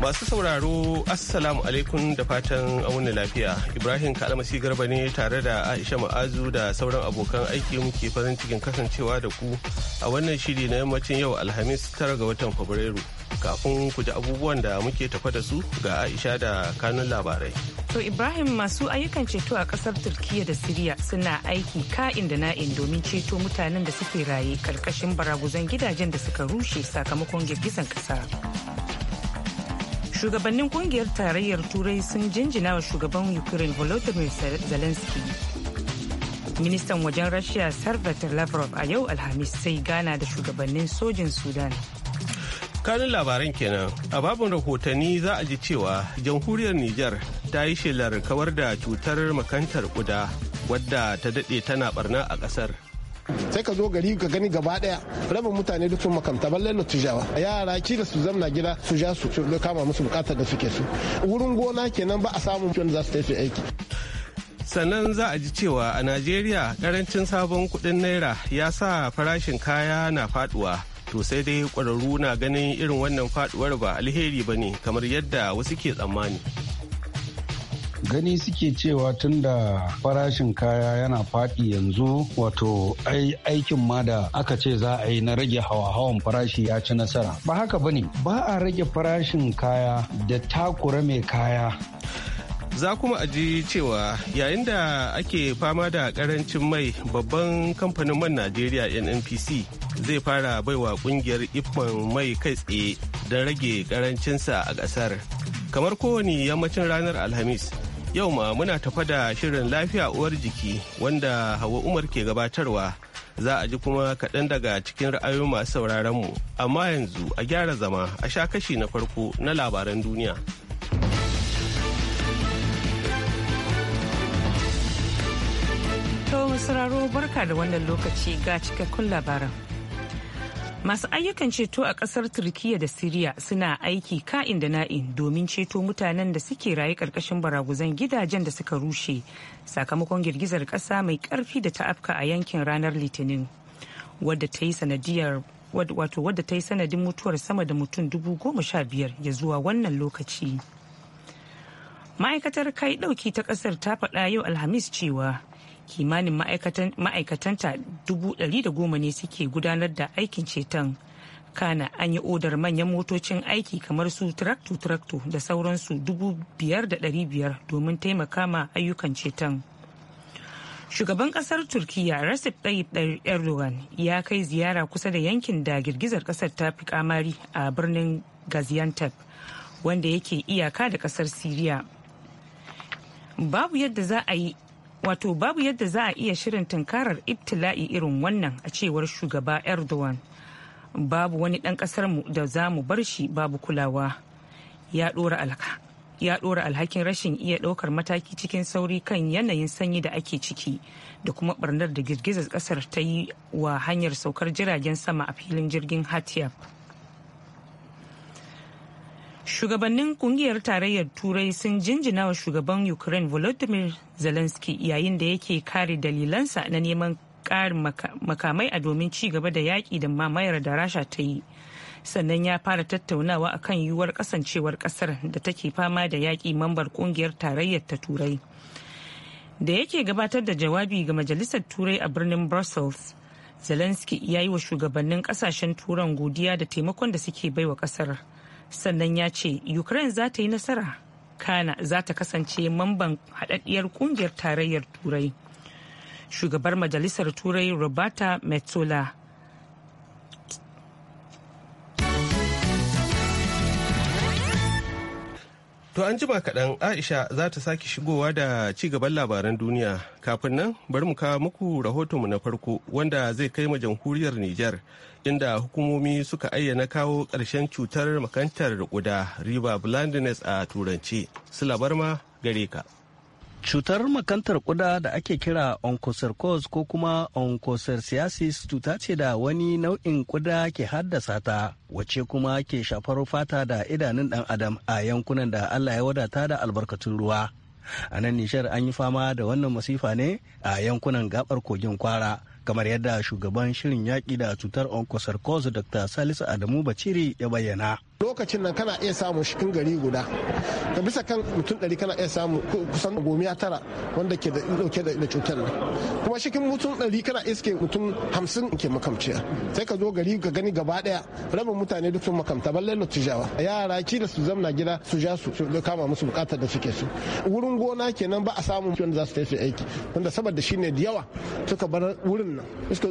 Masu sauraro Assalamu alaikum da fatan wani lafiya. Ibrahim Kalmasi Garba ne tare da Aisha Ma'azu da sauran abokan aiki muke farin cikin kasancewa da ku a wannan shiri na yammacin yau Alhamis tara ga watan Fabrairu. Kafin ku ji abubuwan da muke tafa da su ga Aisha da kanun labarai. To Ibrahim masu ayyukan ceto a kasar Turkiyya da Siriya suna aiki ka'in da na'in domin ceto mutanen da suke raye karkashin baraguzan gidajen da suka rushe sakamakon girgizan kasa. shugabannin kungiyar tarayyar turai sun jinjina wa shugaban ukraine volodymyr zelensky ministan wajen rasha sarvat lavrov a yau alhamis sai gana da shugabannin sojin sudan kanin labaran kenan a babin rahotanni za a ji cewa jamhuriyar nijar ta yi shelar kawar da cutar makantar kuda wadda ta daɗe tana barna a ƙasar sai ka zo gari ka gani gaba daya rabin mutane duk sun makamta balle na tujawa yara ki da su zamna gida su ja su su kama musu bukatar da suke su wurin gona kenan ba a samu wanda za su tafi aiki sannan za a ji cewa a najeriya karancin sabon kuɗin naira ya sa farashin kaya na faduwa to sai dai kwararru na ganin irin wannan faduwar ba alheri ba ne kamar yadda wasu ke tsammani gani suke cewa tun da farashin kaya yana faɗi yanzu wato ai aikin ma da aka ce za a yi na rage hawa-hawan farashi ya ci nasara ba haka ba ne ba a rage farashin kaya da takura mai kaya za kuma a ji cewa yayin da ake fama da karancin mai babban kamfanin man najeriya nnpc zai fara baiwa kungiyar ifman mai kai tsaye don rage karancinsa a kasar kamar kowane yammacin ranar alhamis Yau ma muna tafa da shirin lafiya uwar jiki wanda Hawa Umar ke gabatarwa. Za a ji kuma kaɗan daga cikin ra'ayoyin masu sauraron mu. Amma yanzu a gyara zama a sha kashi na farko na labaran duniya. To, sauraro barka da wannan lokaci ga cikakkun labaran. masu ayyukan ceto a kasar Turkiyya da siriya suna aiki ka'in da na'in domin ceto mutanen da suke rayu karkashin baraguzan gidajen da suka rushe sakamakon girgizar kasa mai karfi da ta afka a yankin ranar litinin wadda ta yi sanadin mutuwar sama da mutum dubu goma sha biyar ya zuwa wannan lokaci ma'aikatar kai dauki ta kasar ta faɗa yau alhamis cewa kimanin ma'aikatanta dubu ɗari da goma ne suke gudanar da aikin ceton kana an yi odar manyan motocin aiki kamar su traktu-traktu da sauransu dubu biyar da ɗari biyar domin taimaka ma ayyukan ceton shugaban kasar turkiya recep tayyip er-, erdogan ya kai ziyara kusa da yankin da girgizar kasar ta fi kamari a birnin gaziantep wanda yake iyaka da kasar syria babu yadda za a yi wato babu yadda za a iya shirin tunkarar ibtila'i irin wannan a cewar shugaba erdogan babu wani ɗan mu da za mu bar shi babu kulawa ya dora alhakin rashin iya ɗaukar mataki cikin sauri kan yanayin sanyi da ake ciki da kuma barnar da girgizar kasar ta yi wa hanyar saukar jiragen sama a filin jirgin hatiyaf shugabannin kungiyar tarayyar turai sun jinjina wa shugaban ukraine volodymyr zelensky yayin da yake kare dalilansa na neman karin makamai a domin ci gaba da yaƙi da mamayar da rasha ta yi sannan ya fara tattaunawa a kan yiwuwar kasancewar kasar da take fama da yaƙi mambar kungiyar tarayyar ta turai da yake gabatar da jawabi ga majalisar turai a birnin brussels zelensky ya yi wa shugabannin kasashen turan godiya da taimakon da suke baiwa kasar sannan ya ce ukraine za ta yi nasara kana za ta kasance mamban haɗaɗɗiyar kungiyar tarayyar turai shugabar majalisar turai roberta metzola To an jima kaɗan Aisha za ta sake shigowa da ci gaban labaran duniya. Kafin nan bari mu kawo muku mu na farko wanda zai kai ma jamhuriyar Nijar inda hukumomi suka ayyana kawo ƙarshen cutar makantar ƙuda riba blindness a turanci. Su labar ma gare ka. Cutar makantar kuda da ake kira onchocercose ko kuma onchocerciasis cuta ce da wani nau'in kuda ke haddasa ta Wace kuma ke shafar fata da idanun ɗan adam a yankunan da Allah ya wadata da albarkatun ruwa. A nan nishar an yi fama da wannan masifa ne a yankunan gabar kogin kwara kamar yadda shugaban shirin yaƙi da cutar onchocercose Dr. Salisu Adamu Baciri ya bayyana. lokacin nan kana iya samun shi gari guda ga bisa kan mutum ɗari kana iya samu kusan a tara wanda ke da ɗauke da cutar nan kuma cikin mutum ɗari kana iske mutum hamsin ke makamciya sai ka zo gari ka gani gaba ɗaya rabin mutane duk sun makamta balle tujawa yara ki da su zamna gida su ja su kama musu bukatar da suke su wurin gona kenan ba a samun wanda za su tafi aiki wanda saboda shine da yawa suka bar wurin nan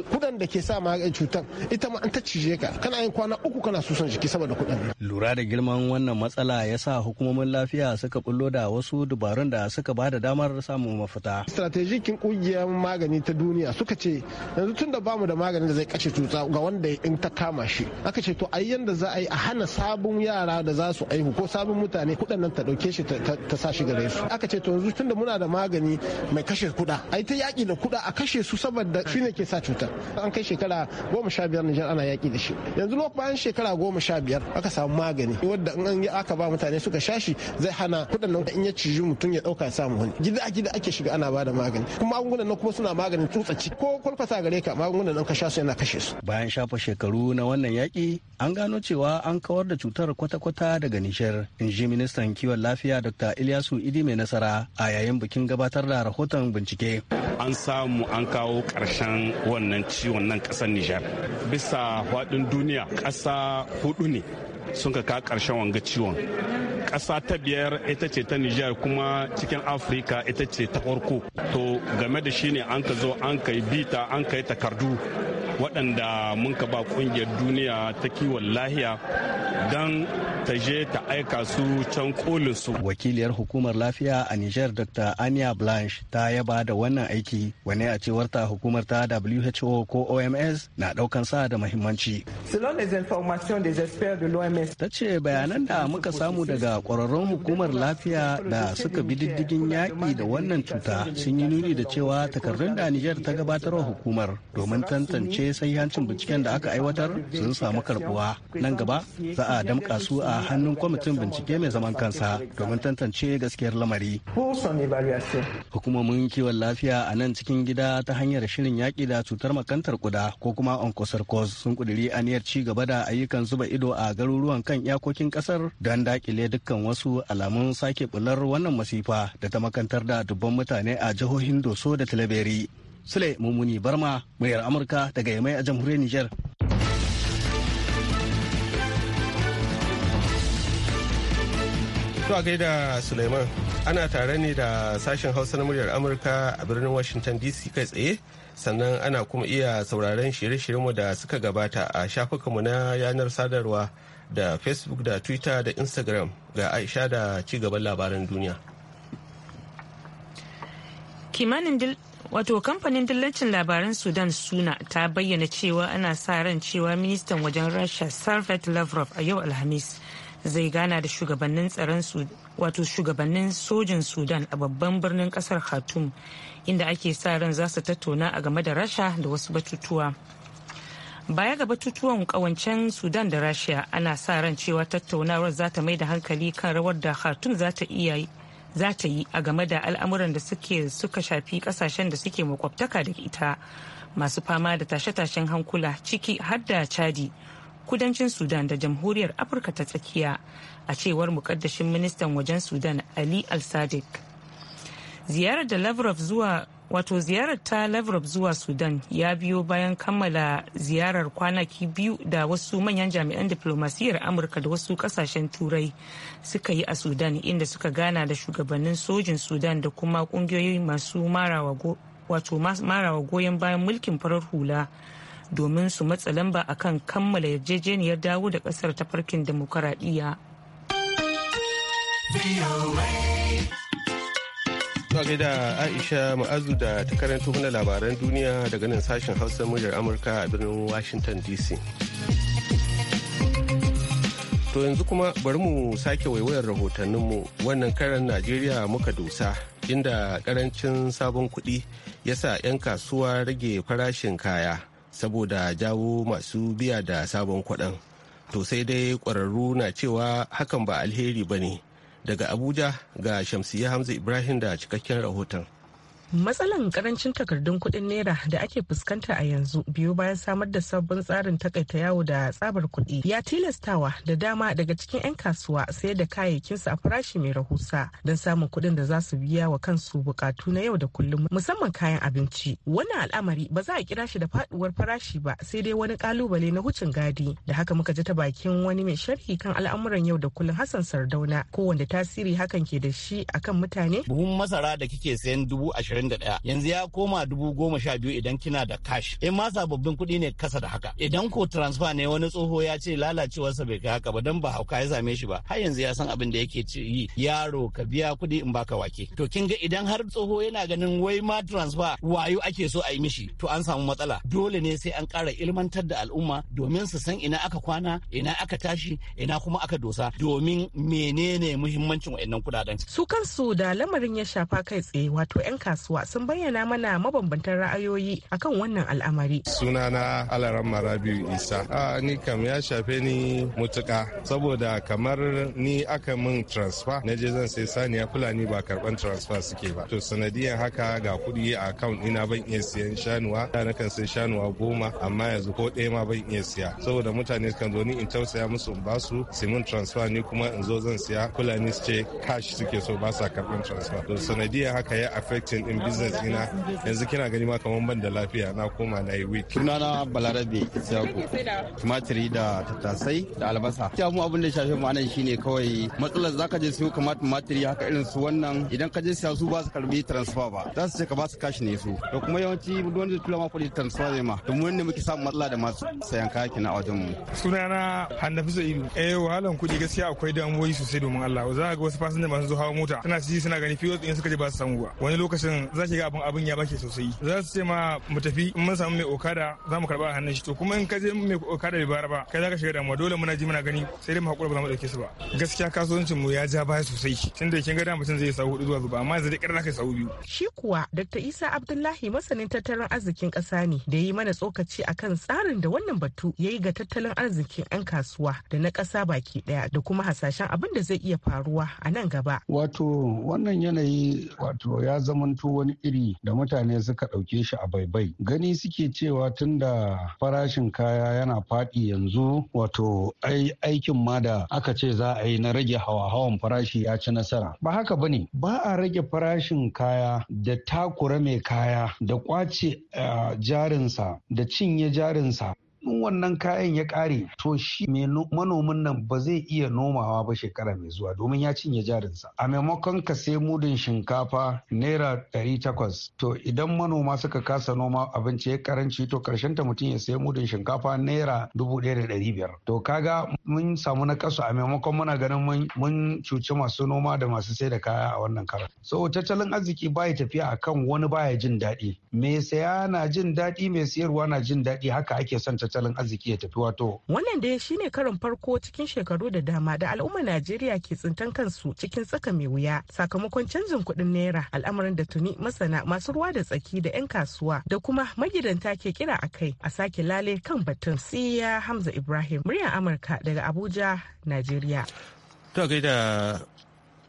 kudan da ke sa ma cutar ita ma an ta cije ka kana yin kwana uku kana susan jiki saboda kudan nan lura da girman wannan matsala ya sa hukumomin lafiya suka bullo da wasu dubarun da suka ba da damar samun mafita strategikin kungiyar magani ta duniya suka ce yanzu tun da bamu da maganin da zai kashe tutsa ga wanda in ta kama shi aka ce to ai yanda za a yi a hana sabon yara da za su aihu ko sabon mutane kuɗan nan ta dauke shi ta sa shi gare su aka ce to yanzu tun da muna da magani mai kashe kuda ai ta yaƙi da kuda a kashe su saboda shi ne ke sa cutar an kai shekara goma sha biyar Nijar ana yaƙi da shi yanzu bayan shekara goma sha biyar aka samu magani wanda in aka ba mutane suka shashi zai hana kudin nan in ya ciji mutum ya dauka samu wani gida gida ake shiga ana ba da magani kuma magungunan nan kuma suna maganin ci ko kulfasa gare ka magungunan nan ka sha su yana kashe su bayan shafa shekaru na wannan yaki an gano cewa an kawar da cutar kwata-kwata daga nishar in ji ministan kiwon lafiya dr ilyasu idi mai nasara a yayin bikin gabatar da rahoton bincike an samu an kawo karshen wannan ciwon nan kasar nijar bisa faɗin duniya ƙasa hudu ne sun ka karshen wanga ciwon ƙasa ta biyar ita ce ta nijar kuma cikin afirka ita ce ta farko to game da shi ne an ka zo an ka yi bita an ka yi takardu waɗanda mun ka ba ƙungiyar duniya ta kiwon lahiya don ta je ta aika su can kolin su. Wakiliyar hukumar lafiya a niger Dr. Ania Blanche ta yaba da wannan aiki wani a cewar ta hukumar ta WHO ko OMS na daukan sa da mahimmanci. Ta ce bayanan da muka samu daga ƙwararrun hukumar lafiya da suka bi diddigin yaƙi da wannan cuta sun yi nuni da cewa takardun da niger ta gabatarwa hukumar domin tantance sai hancin binciken da aka aiwatar sun samu karbuwa nan gaba za a damƙa su a hannun kwamitin bincike mai zaman kansa domin tantance gaskiyar lamari hukumomin kiwon lafiya a nan cikin gida ta hanyar shirin yaƙi da cutar makantar kuda ko kuma oncosarcos sun kuduri aniyar ci gaba da ayyukan zuba ido a garuruwan kan iyakokin kasar don dakile dukkan wasu alamun sake bular wannan masifa da ta makantar da dubban mutane a jihohin doso da talaberi Sule Mumuni Barma, muryar Amurka daga Yamai a jamhuriyar Nijar. Tuwa a gaida Suleiman, ana tare ne da sashen Hausa na muryar Amurka a birnin Washington DC kai tsaye, sannan ana kuma iya sauraren shirye-shiryenmu da suka gabata a shafukanmu na yanar sadarwa da Facebook da Twitter da Instagram ga Aisha da cigaban labaran duniya. Kimanin wato kamfanin dillacin labaran sudan suna ta bayyana cewa ana sa ran cewa ministan wajen rasha sarfet lavrov a yau alhamis zai gana da shugabannin tsaron su wato shugabannin sojin sudan a babban birnin kasar khartoum inda ake sa ran za su tattauna a game da rasha da wasu batutuwa baya ga batutuwan kawancen sudan da rasha ana sa ran cewa tattaunawar za ta mai da hankali kan rawar da khartoum za ta iya za ta yi a game da al'amuran da suke suka shafi kasashen da suke makwabtaka da ita masu fama da tashe-tashen hankula ciki har da chadi kudancin sudan da jamhuriyar afirka ta tsakiya a cewar mukaddashin ministan wajen sudan ali al-sadiq ziyarar da lavrov zuwa wato ziyarar ta lavrov zuwa sudan ya biyo bayan kammala ziyarar kwanaki biyu da wasu manyan jami'an diplomasiyyar amurka da wasu kasashen turai suka yi a sudan inda suka gana da shugabannin sojin sudan da kuma kungiyoyi masu marawa goyon bayan mulkin farar hula domin su matsa lamba akan kammala yarjejeniyar dawo da kasar ta farkin dimokuraɗiyya. a gaida Aisha Ma'azu da ta karanta mana labaran duniya daga nan sashen Hausa muryar Amurka a birnin Washington DC. To yanzu kuma bari mu sake waiwayar rahotanninmu wannan karan Najeriya muka dosa inda karancin sabon kuɗi ya sa 'yan kasuwa rage farashin kaya saboda jawo masu biya da sabon kuɗin. To sai dai ƙwararru na cewa hakan ba alheri ba ne. Daga Abuja ga Shamsiyya Hamza Ibrahim da cikakken rahoton. matsalan karancin takardun kuɗin naira da ake fuskanta a yanzu biyu bayan samar da sabbin tsarin takaita yawo da tsabar kuɗi ya tilastawa da dama daga cikin 'yan kasuwa sayar da kayayyakinsu a farashi mai rahusa don samun kuɗin da za su biya wa kansu bukatu na yau da kullum musamman kayan abinci wannan al'amari ba za a kira shi da faduwar farashi ba sai dai wani kalubale na hucin gadi da haka muka ji ta bakin wani mai sharhi kan al'amuran yau da kullum hassan sardauna kowanne tasiri hakan ke da shi akan mutane buhun masara da kike sayan dubu ashirin ashirin yanzu ya koma dubu goma sha biyu idan kina da cash in ma sababbin kuɗi ne kasa da haka idan ko transfer ne wani tsoho ya ce lalacewarsa bai kai haka ba don ba hauka ya same shi ba har yanzu ya san abin da yake ce yi yaro ka biya kuɗi in baka wake to kin ga idan har tsoho yana ganin wai ma transfer wayo ake so a yi mishi to an samu matsala dole ne sai an ƙara ilmantar da al'umma domin su san ina aka kwana ina aka tashi ina kuma aka dosa domin menene muhimmancin wa'annan kuɗaɗen su kansu da lamarin ya shafa kai tsaye wato 'yan kasuwa kasuwa sun bayyana mana mabambantan ra'ayoyi akan wannan al'amari. Sunana Alaran Marabi Isa. A ni kam ya shafe ni mutuka saboda kamar ni aka min transfer na je zan sai saniya Fulani ba karban transfer suke ba. To sanadiyan haka ga kuɗi a account ina ban iya siyan shanuwa da na kan sai shanuwa goma amma yanzu ko ɗaya ma ban iya siya saboda mutane kan zo ni in tausaya musu in basu su simin transfer ni kuma in zo zan siya Fulani su ce cash suke so ba sa karban transfer. To sanadiyan haka ya affecting din business ina yanzu kina gani ma kamar ban da lafiya na koma na yi week sunana balarabe isyaku tumatiri da tattasai da albasa ta mu abin da shafe mu anan shine kawai matsalar zaka je siyo kamar tumatiri haka irin su wannan idan ka je siya su ba su karbi transfer ba za su ce ka ba su cash ne su da kuma yawanci duk wanda tura ma kuɗi transfer ne ma domin ne muke samun matsala da masu sayan kayaki na wajen mu sunana hannafi ido eh wahalan kuɗi gaskiya akwai damuwoyi sosai domin Allah za ga wasu fasinja masu zuwa hawa mota suna ci suna gani fiyo in suka je ba su samu ba wani lokacin za ki ga abin abin ya baki sosai za su ce ma mu tafi in mun samu mai okada za mu karba a hannun shi to kuma in ka je mai okada bai bara ba kai za ka shiga damuwa dole muna ji muna gani sai dai mu hakura ba za mu dauke su ba gaskiya kasuwancin mu ya ja baya sosai tunda kin ga da mutum zai sau hudu zuwa zuba amma yanzu dai kar kai sau biyu shi kuwa Dr. Isa Abdullahi masanin tattalin arzikin ƙasa ne da ya yi mana tsokaci akan tsarin da wannan batu ya yi ga tattalin arzikin 'yan kasuwa da na kasa baki daya da kuma hasashen abin da zai iya faruwa a nan gaba. Wato wannan yanayi wato ya zamanto wani iri da mutane suka ɗauke shi a baibai gani suke cewa tun da farashin kaya yana faɗi yanzu wato ai aikin ma da aka ce za a yi na rage hawa-hawan farashi ya ci nasara ba haka bane ba a rage farashin kaya da takura mai kaya da kwace eh, jarinsa da cinye jarinsa in wannan kayan ya kare to shi manomin nan ba zai iya nomawa ba shekara mai zuwa domin ya cinye jarinsa a maimakon ka sai mudin shinkafa naira 800 to idan manoma suka kasa noma abinci ya karanci to karshen ta mutum ya sai mudin shinkafa naira dubu da ɗari biyar to kaga mun samu na kasu a maimakon muna ganin mun cuci masu noma da masu sai da kaya a wannan karan so tattalin arziki ya tafiya akan wani baya jin daɗi mai saya na jin daɗi mai sayarwa na jin daɗi haka ake son tattalin tattalin arziki ya tafi wato. Wannan dai shine karin farko cikin shekaru da dama da al'ummar Najeriya ke tsintan kansu cikin tsaka mai wuya sakamakon canjin kuɗin naira al'amarin da tuni masana masu ruwa da tsaki da 'yan kasuwa da kuma magidanta ke kira a kai a sake lale kan batun siya Hamza Ibrahim muryar Amurka daga Abuja, Najeriya. To gaida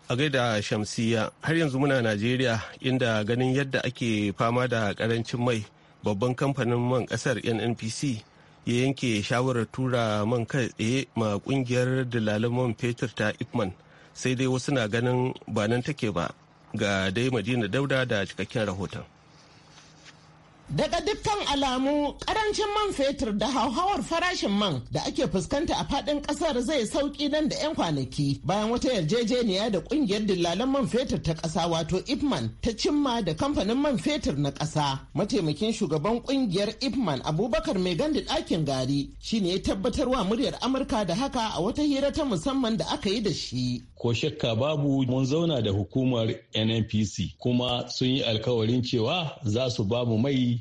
a gaida shamsiya har yanzu muna najeriya inda ganin yadda ake fama da karancin mai babban kamfanin man kasar nnpc ya yanke shawarar tura man kai tsaye ma kungiyar dalalaman man fetur ta ipman sai dai wasu na ganin ba nan take ba ga dai madina dauda da cikakken rahoton Daga dukkan alamu karancin man fetur da hauhawar farashin man da ake fuskanta a fadin kasar zai sauki nan da 'yan kwanaki bayan wata yarjejeniya da kungiyar dillalan man fetur ta kasa wato ipman ta cimma da kamfanin man fetur na kasa. Mataimakin shugaban kungiyar ipman abubakar mai gandu ɗakin gari ne ya wa muryar Amurka da haka a wata hira ta musamman da aka yi da shi. Ko shakka babu mun zauna da hukumar NNPC kuma sun yi alkawarin cewa za su babu mai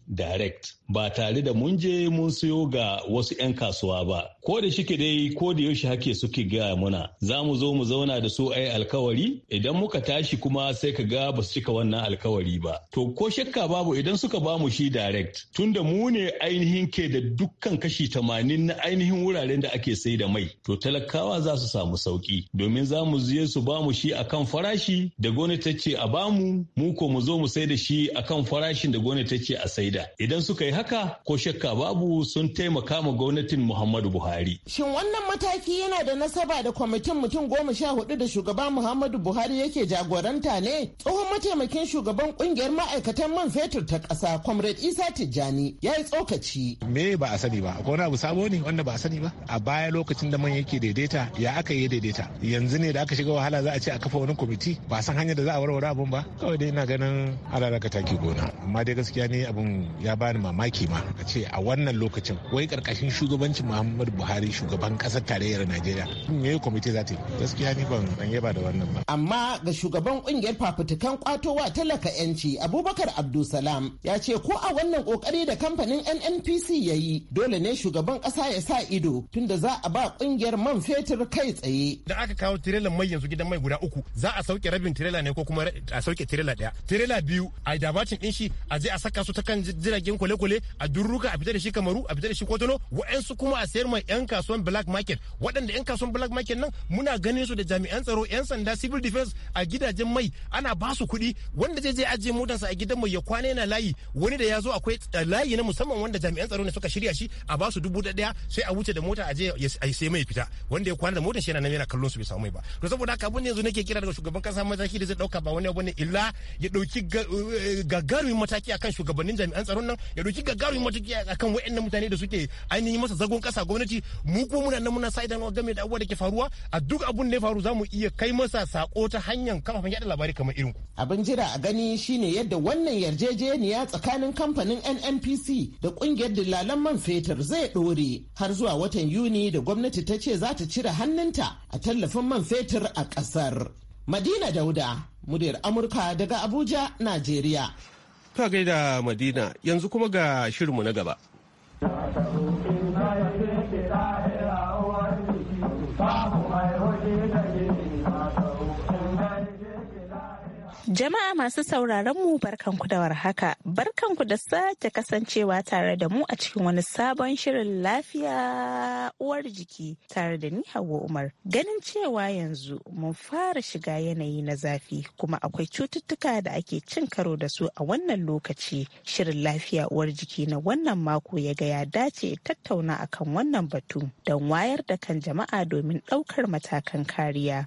direct ba tare da mun je mun siyo ga wasu 'yan kasuwa ba ko da shike dai ko da yaushe hake suke ga muna za mu zo mu zauna da su ai alkawari idan muka tashi kuma sai ka ga ba su cika wannan alkawari ba to ko shakka babu idan suka ba mu shi direct tunda mu ne ainihin ke da dukkan kashi 80 na ainihin wuraren da ake sai da mai to talakawa za su samu sauki domin za mu je su ba mu shi akan farashi da gwamnati ce a bamu mu ko mu zo mu sai da shi akan farashin da gwamnati ta ce a saida Najeriya. Idan suka yi haka ko shakka babu sun taimaka ma gwamnatin Muhammadu Buhari. Shin wannan mataki yana da nasaba da kwamitin mutum goma sha hudu da shugaban Muhammadu Buhari yake jagoranta ne? Tsohon mataimakin shugaban kungiyar ma'aikatan man fetur ta ƙasa Comrade Isa Tijjani ya yi tsokaci. Me ba a sani ba, ko na abu sabo ne wanda ba a sani ba. A baya lokacin da man yake daidaita ya aka yi daidaita. Yanzu ne da aka shiga wahala za a ce a kafa wani kwamiti ba san hanyar da za a warware abun ba. Kawai dai ina ganin alalaka taki gona. Amma dai gaskiya ne abun ya bani mamaki ma a ce a wannan lokacin wai karkashin shugabancin muhammadu buhari shugaban kasar tarayyar najeriya me kwamiti za ta yi gaskiya ni ban ban yaba da wannan ba amma ga shugaban kungiyar fafutukan kwatowa talaka yanci abubakar abdulsalam ya ce ko a wannan kokari da kamfanin nnpc ya yi dole ne shugaban kasa ya sa ido tunda za a ba kungiyar man fetur kai tsaye da aka kawo tirelan mai yanzu gidan mai guda uku za a sauke rabin tirela ne ko kuma a sauke tirela daya tirela biyu a dabacin din shi a je a saka su ta kan jiragen kwale-kwale a durruka a fita da shi kamaru a fita da shi kotono wa'ansu kuma a sayar ma 'yan kasuwan black market waɗanda 'yan kasuwan black market nan muna ganin su da jami'an tsaro 'yan sanda civil defense a gidajen mai ana ba su kuɗi wanda zai je ajiye motarsa a gidan mai ya kwana yana layi wani da ya zo akwai layi na musamman wanda jami'an tsaro ne suka shirya shi a ba su dubu ɗaya sai a wuce da mota a je a sai mai fita wanda ya kwana da motar shi yana nan yana kallon su bai samu mai ba to saboda haka abin yanzu nake kira daga shugaban kasa mataki da zai ɗauka ba wani abu ne illa ya ɗauki eh, gagarumin mataki akan shugabannin jami'an jami'an tsaron nan ya doki gagarumin mataki akan waɗannan mutane da suke ainihin masa zagon kasa gwamnati mu kuma muna nan muna sa idan game da abubuwa da ke faruwa a duk abun da ya faru za mu iya kai masa sako ta hanyar kafafen yada labarai kamar irin ku. Abin jira a gani shine yadda wannan yarjejeniya tsakanin kamfanin NNPC da ƙungiyar dillalan man fetur zai ɗore har zuwa watan Yuni da gwamnati ta ce za ta cire hannunta a tallafin man fetur a ƙasar. Madina Dauda, muryar Amurka daga Abuja, Najeriya. Ta gaida Madina yanzu kuma ga shirinmu na gaba. Jama'a masu sauraron mu barkanku da warhaka. Barkanku da sake kasancewa tare da mu a cikin wani sabon shirin lafiya uwar jiki tare da ni Hauwa Umar. Ganin cewa yanzu mun fara shiga yanayi na zafi kuma akwai cututtuka da ake cin karo da su a wannan lokaci. Shirin lafiya uwar jiki na wannan mako ya ga ya dace tattauna akan wannan batu don wayar da kan jama'a domin ɗaukar matakan kariya.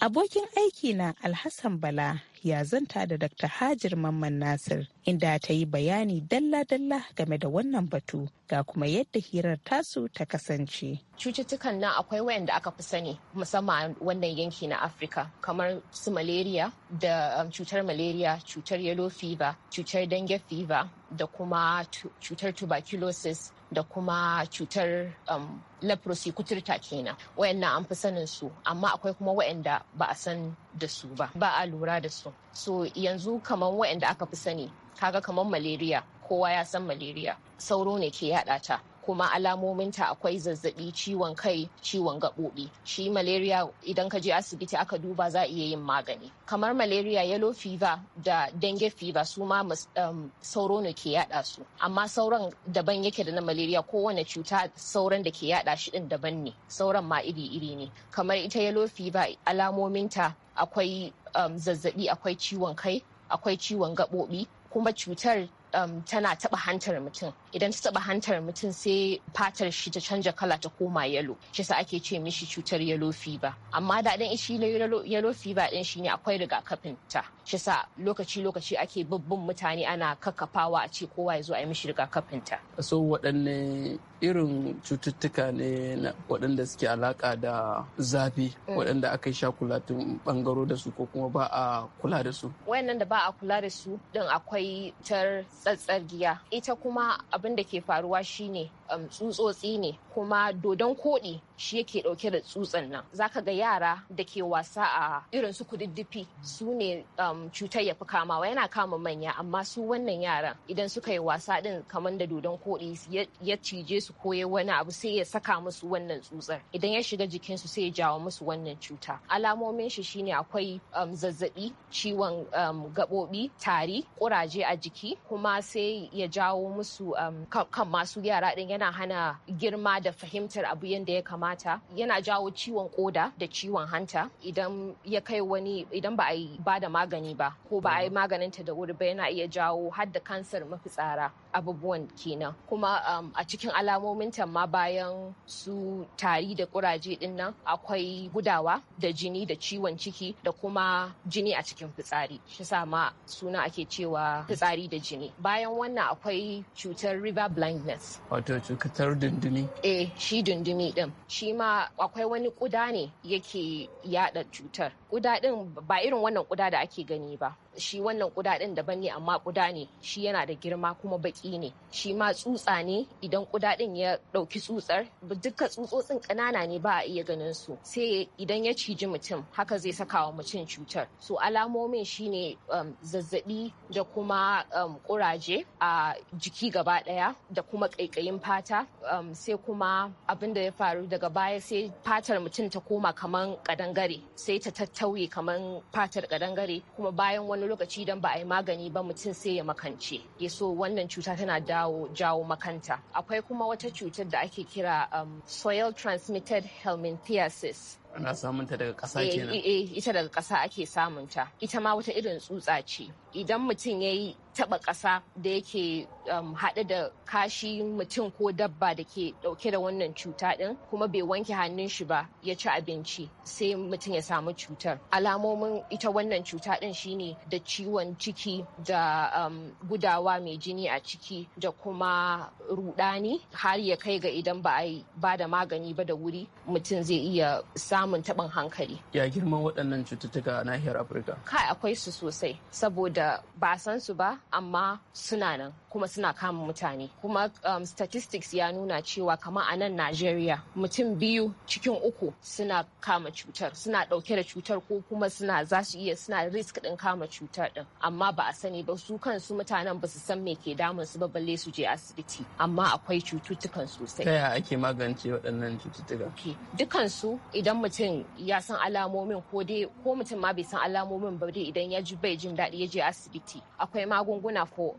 Abokin aiki na Alhassan Bala ya zanta da Dr. Hajir Mamman Nasir inda ta yi bayani dalla-dalla game da wannan batu ga kuma yadda hirar tasu ta kasance. Cututtukan nan akwai wayanda aka fi sani musamman wannan yanki na Afirka kamar su malaria da um, cutar malaria, cutar yellow fever, cutar dengue fever da kuma cutar tuberculosis da kuma cutar um, leprosy kuturta kenan wayannan an fi sanin su amma akwai kuma wayanda ba a san da su ba ba a lura da su so yanzu kamar wayanda aka fi sani kaga kamar malaria kowa ya san malaria sauro ne ke yada ta kuma alamominta akwai zazzabi ciwon kai ciwon gaɓoɓi shi malaria idan ka je asibiti aka duba za a iya yin magani kamar malaria yellow fever da dengue fever su ma um, sauro ne ke yada su amma sauran daban yake da na malaria kowane cuta sauran da ke yada shi din daban ne sauran ma iri-iri ne kamar ita yellow fever alamominta akwai um, zazzabi akwai ciwon kai akwai ciwon gaɓoɓi kuma cutar um, tana taɓa hantar mutum idan ta taba hantar mutum sai fatar shi ta canja kala ta koma yalo shi sa ake ce mishi cutar yalo fever amma daɗin shi ne yalo fever ɗin shi ne akwai rigakafin ta shi sa lokaci lokaci ake babbin mutane ana kakkafawa a ce kowa ya zo a yi mishi rigakafin ta so waɗanne irin cututtuka ne waɗanda suke alaka da zafi mm. waɗanda aka kula tun bangaro da su ko kuma ba a kula da su wayannan da ba a kula da su din akwai tar tsatsar giya ita kuma abin da ke faruwa shine um, tsutsotsi ne kuma dodon koɗi shi yake ɗauke da tsutsan nan zaka ga yara da ke wasa a irin su kududdufi su ne um, cutar ya fi kamawa yana kama manya amma su wannan yaran idan suka yi wasa din kamar da dodon koɗi ya cije su ko ya wani abu sai ya saka musu wannan tsutsar idan ya shiga jikinsu sai ya jawo musu wannan cuta alamomin shi shine akwai um, zazzaɓi ciwon gaɓoɓi tari ƙuraje a jiki kuma sai ya jawo musu Um, kan masu yara ɗin yana hana girma da fahimtar abu yadda ya kamata yana jawo ciwon koda da ciwon hanta idan ya kai wani idan ba a yi ba da magani ba ko ba a yi mm. maganinta da wuri ba yana iya jawo har da kansar mafitsara abubuwan kenan kuma um, a cikin alamomin ma bayan su tari da kuraje din akwai gudawa da jini da ciwon ciki da kuma jini a cikin fitsari shi ma suna ake cewa fitsari da jini bayan wannan akwai cutar river blindness wato cutar dundumi eh shi dundumi din shi ma akwai wani kuda ne yake yada cutar kuda din ba irin wannan kuda da ake gani ba shi wannan kuda din daban ne amma kuda ne shi yana da girma kuma baki ne shi ma tsutsa ne idan kuda din ya dauki tsutsar duka tsutsotsin kanana ne ba a iya ganin su sai idan ya ciji mutum haka zai saka wa mutum cutar so alamomin shine um, zazzabi da kuma um, kuraje a jiki gaba daya da kuma kaikayin fata um, sai kuma abin da ya faru daga baya sai fatar mutum ta koma kaman kadangare sai ta tauye kamar fatar kadangare kuma bayan wani lokaci don ba a yi magani ba mutum sai ya makance ya so wannan cuta tana dawo jawo makanta akwai kuma wata cutar da ake kira um, soil transmitted helminthiasis Ana samun ta daga ƙasa eh, kenan. Eh, eh, ita daga ƙasa ake samun ta. Ita ma wata irin tsutsa ce. Idan mutum ya yi taɓa ƙasa da yake um, haɗe da kashi mutum ko dabba da ke ɗauke da wannan cuta ɗin kuma bai wanke hannun shi ba ya ci abinci sai mutum ya samu cutar. Alamomin ita wannan cuta ɗin shine da ciwon ciki da um, gudawa mai jini a ciki da kuma rudani har ya kai ga idan ba a yi ba da magani ba da wuri mutum zai iya samun taɓin hankali. Ya girman waɗannan cututtuka a nahiyar Afirka? Kai akwai su sosai saboda ba san su ba amma suna nan kuma suna kama mutane. Kuma um, statistics ya nuna cewa kamar a nan Najeriya mutum biyu cikin uku suna kama cutar suna ɗauke da cutar ko kuma suna za su iya suna risk ɗin kama cutar ɗin amma ba a sani ba su kansu mutanen ba su san me ke damun su ba balle su je asibiti amma akwai cututtukan sosai. Ta ake magance waɗannan cututtuka? Okay. Dukansu idan mutum ya san alamomin ko dai ko mutum ma bai san alamomin ba dai idan ya ji bai jin daɗi ya je asibiti akwai magunguna ko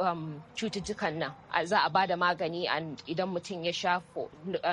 um, cututtukan nan za a bada magani idan mutum ya sha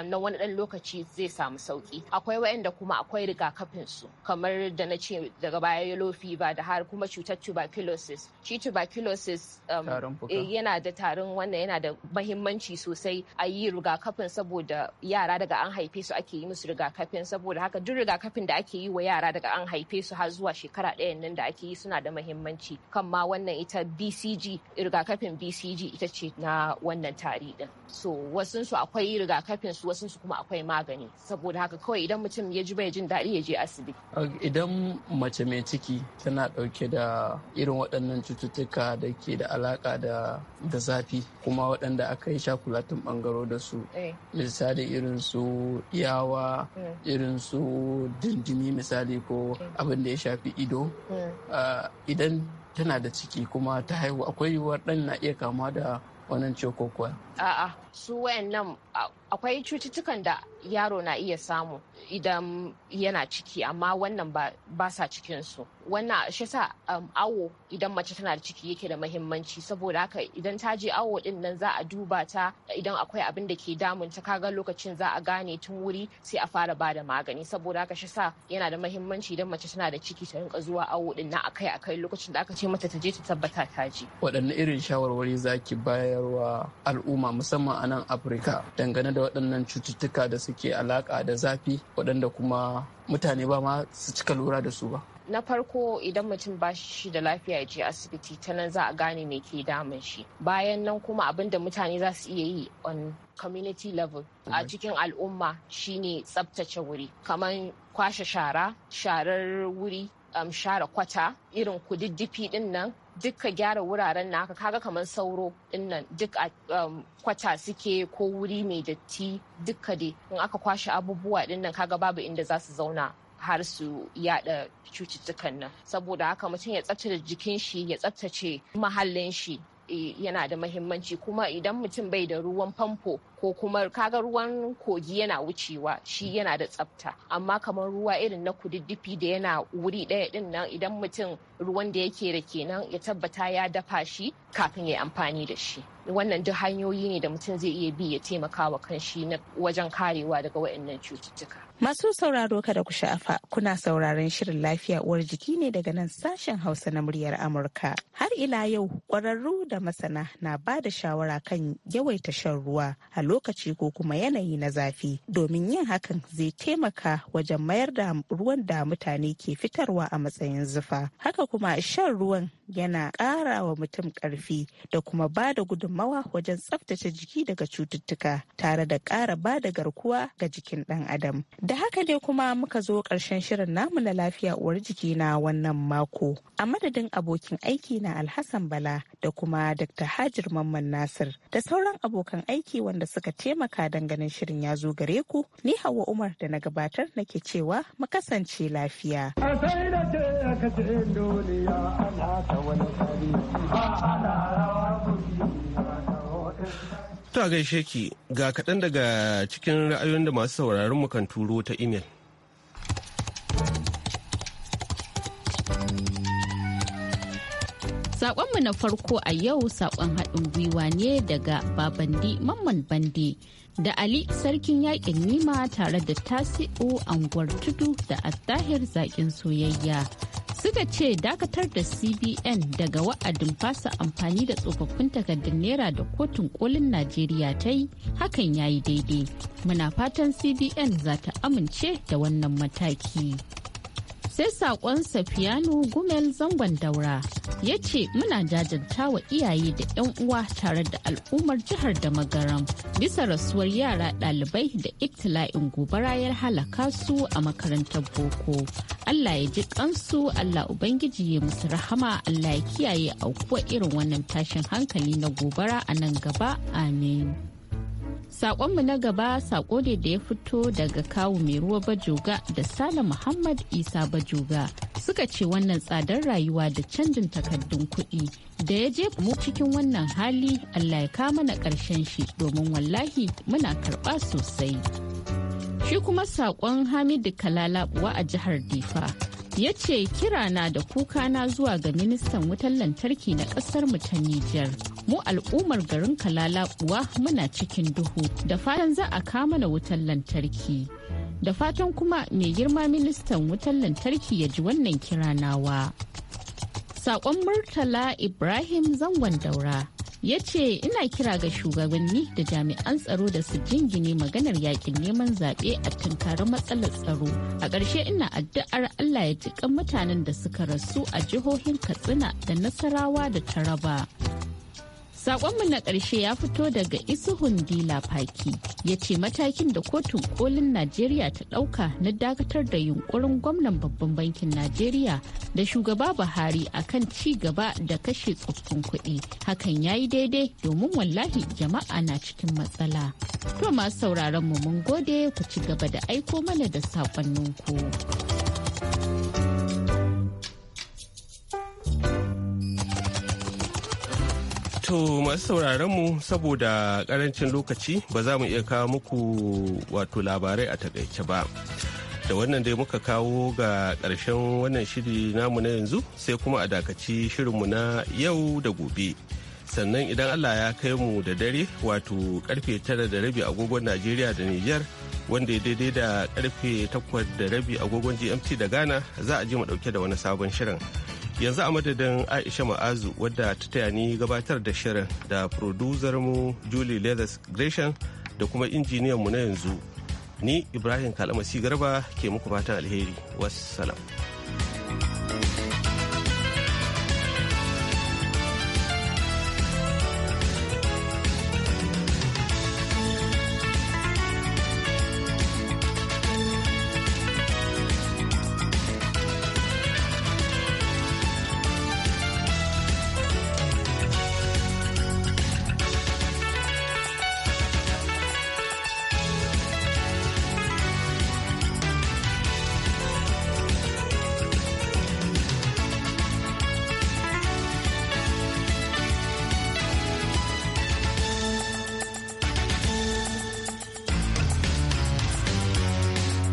na wani dan lokaci zai samu sauki akwai waɗanda kuma akwai rigakafin su kamar da na ce daga baya yalo fever da har kuma cutar tuberculosis shi tuberculosis um, eh, yana da tarin wannan yana da mahimmanci sosai a yi rigakafin saboda yara daga an haife su ake yi musu rigakafin saboda saboda haka duk rigakafin da ake yi wa yara daga an haife su har zuwa shekara ɗayan nan da ake yi suna da mahimmanci kan ma wannan ita BCG rigakafin BCG ita ce na wannan tari din so wasun akwai rigakafin su wasun kuma akwai magani saboda haka kawai idan mutum ya ji bai jin daɗi ya je asibiti idan mace mai ciki tana ɗauke da irin waɗannan cututtuka da ke da alaka da da zafi kuma waɗanda aka yi shakulatin bangaro da su eh. misali irin su yawa hmm. irin su su dindimi misali ko abin da ya shafi ido hmm. idan tana da ciki kuma ta haihu akwai yiwuwar ɗan na iya kama da wannan cikokuwa. A'a su wayan wayannan akwai cututtukan da yaro na iya samu idan yana ciki amma wannan ba sa cikinsu wannan shi sa um, awo idan mace tana da ciki yake da mahimmanci saboda haka idan ta je awo din nan za a duba ta idan akwai abin da ke damun ta kaga lokacin za a gane tun wuri sai a fara ba da magani saboda haka shi sa yana da mahimmanci idan mace tana da ciki ta rinka zuwa awo din nan akai akai lokacin da aka ce mata ta je ta tabbata ta je. waɗanne irin shawarwari zaki bayarwa al'umma musamman a nan afirka dangane da da waɗannan cututtuka da suke alaƙa da zafi waɗanda kuma mutane ba ma su cika lura da su ba. Na farko idan mutum ba shi da lafiya ya je asibiti ta nan za a gane me ke damun shi. Bayan nan kuma abin da mutane za su iya yi on community level a mhm. cikin al'umma shine tsabtace wuri. Kamar kwashe shara, sharar wuri, share kwata, irin kududdufi din nan dukka gyara wuraren naka kaga kamar sauro dinnan duk a um, kwata suke ko wuri mai datti dukka dai in aka kwashe abubuwa dinnan kaga babu inda za su zauna har su yada cututtukan nan saboda haka mutum ya tsaftace jikin shi ya tsaftace mahallin shi eh, yana da muhimmanci kuma idan mutum bai da ruwan famfo ko kuma kaga ruwan kogi yana wucewa shi yana da tsafta amma kamar ruwa irin na kududdufi da yana wuri ɗaya ɗin nan idan mutum ruwan da yake da kenan ya tabbata ya dafa shi kafin ya amfani da shi wannan duk hanyoyi ne da mutum zai iya bi ya taimaka wa kanshi na wajen karewa daga waɗannan cututtuka masu sauraro kada ku sha'afa kuna sauraron shirin lafiya uwar jiki ne daga nan sashen hausa na muryar amurka har ila yau kwararru da masana na ba da shawara kan yawaita shan ruwa a lokaci ko kuma yanayi na zafi domin yin hakan zai taimaka wajen mayar da ruwan da mutane ke fitarwa a matsayin zufa haka kuma shan ruwan yana ƙara wa mutum ƙarfi da kuma ba da gudunmawa wajen tsaftace jiki daga cututtuka tare da ƙara ba da garkuwa ga jikin ɗan adam da haka ne kuma muka zo ƙarshen shirin namu na lafiya uwar jiki na wannan mako a madadin abokin aiki na alhassan bala da kuma dr hajir mamman nasir da sauran abokan aiki wanda su suka taimaka ganin shirin ya zo gare ku ni hawa umar da na gabatar nake cewa mu kasance lafiya ta gaishe ki ga kaɗan daga cikin ra'ayoyin da masu sauraron mu kan turo ta imel. Saƙonmu na farko a yau saƙon haɗin gwiwa ne daga Babandi Mamman Bandi da Ali Sarkin Yaƙin Nima tare da Tasi'u Anguwar Tudu da Attahir Zaƙin Soyayya. Suka ce dakatar da CBN daga wa'adin fasa amfani da tsofaffin takardun Naira da Kotun Kolin Najeriya ta yi hakan ya yi daidai. Muna fatan CBN za ta amince da wannan mataki. sai sakon safiyanu gumel zangon daura ya ce muna jajanta wa iyaye da 'yan uwa tare da al'ummar jihar da magaram bisa rasuwar yara ɗalibai da iktila'in gobara ya halaka su a makarantar boko allah ya ji kansu allah ubangiji ya musu rahama allah ya kiyaye aukuwa irin wannan tashin hankali na gobara a nan gaba amin saƙonmu na gaba sako ne da ya fito daga kawu mai ruwa bajoga da Sale Muhammad Isa bajoga suka ce wannan tsadar rayuwa da canjin takardun kuɗi da ya je mu cikin wannan hali Allah ya ka mana ƙarshen shi domin wallahi muna karɓa sosai. Shi kuma saƙon Hamidu Kalalabuwa a jihar Difa. ya ce kirana da kukana zuwa ga ministan wutan lantarki na kasar mu ta Nijar mu al'ummar garin kalala kuwa muna cikin duhu da fatan za a kama na wutar lantarki da fatan kuma mai girma ministan wutar lantarki ya ji wannan kira nawa saƙon Murtala Ibrahim Zangon Daura ya ce ina kira ga shugabanni da jami'an tsaro da su jingine maganar yakin neman zaɓe a tunkarar matsalar tsaro. A ƙarshe ina addu'ar Allah ya jiƙan mutanen da suka rasu a jihohin Katsina da Nasarawa da Taraba. Sakonmu na ƙarshe ya fito daga Isuhun Dila Faki ya ce matakin da kotun kolin Najeriya ta ɗauka na dakatar da yunkurin gwamnan babban bankin Najeriya da shugaba Buhari kan ci gaba da kashe tsoffin kuɗi. Hakan ya yi daidai domin wallahi jama'a na cikin matsala. To masu sauraron mu mun gode ku ci gaba da aiko mana da saƙonninku. To masu sauraron mu saboda karancin lokaci ba za mu iya kawo muku wato labarai a takaice ba. Da wannan dai muka kawo ga ƙarshen wannan shiri namu na yanzu sai kuma a dakaci shirinmu na yau da gobe. Sannan idan Allah ya kai mu da dare wato karfe tara da rabi agogon Najeriya da niger wanda ya daidai da karfe takwas da rabi agogon GMT da Ghana za a ji mu dauke da wani sabon shirin. yanzu a madadin aisha ma'azu wadda ta taya ni gabatar da shirin da producer mu julie leathers gresham da kuma injiniyan mu na yanzu ni ibrahim kalamasi garba ke muku fatan alheri wassalam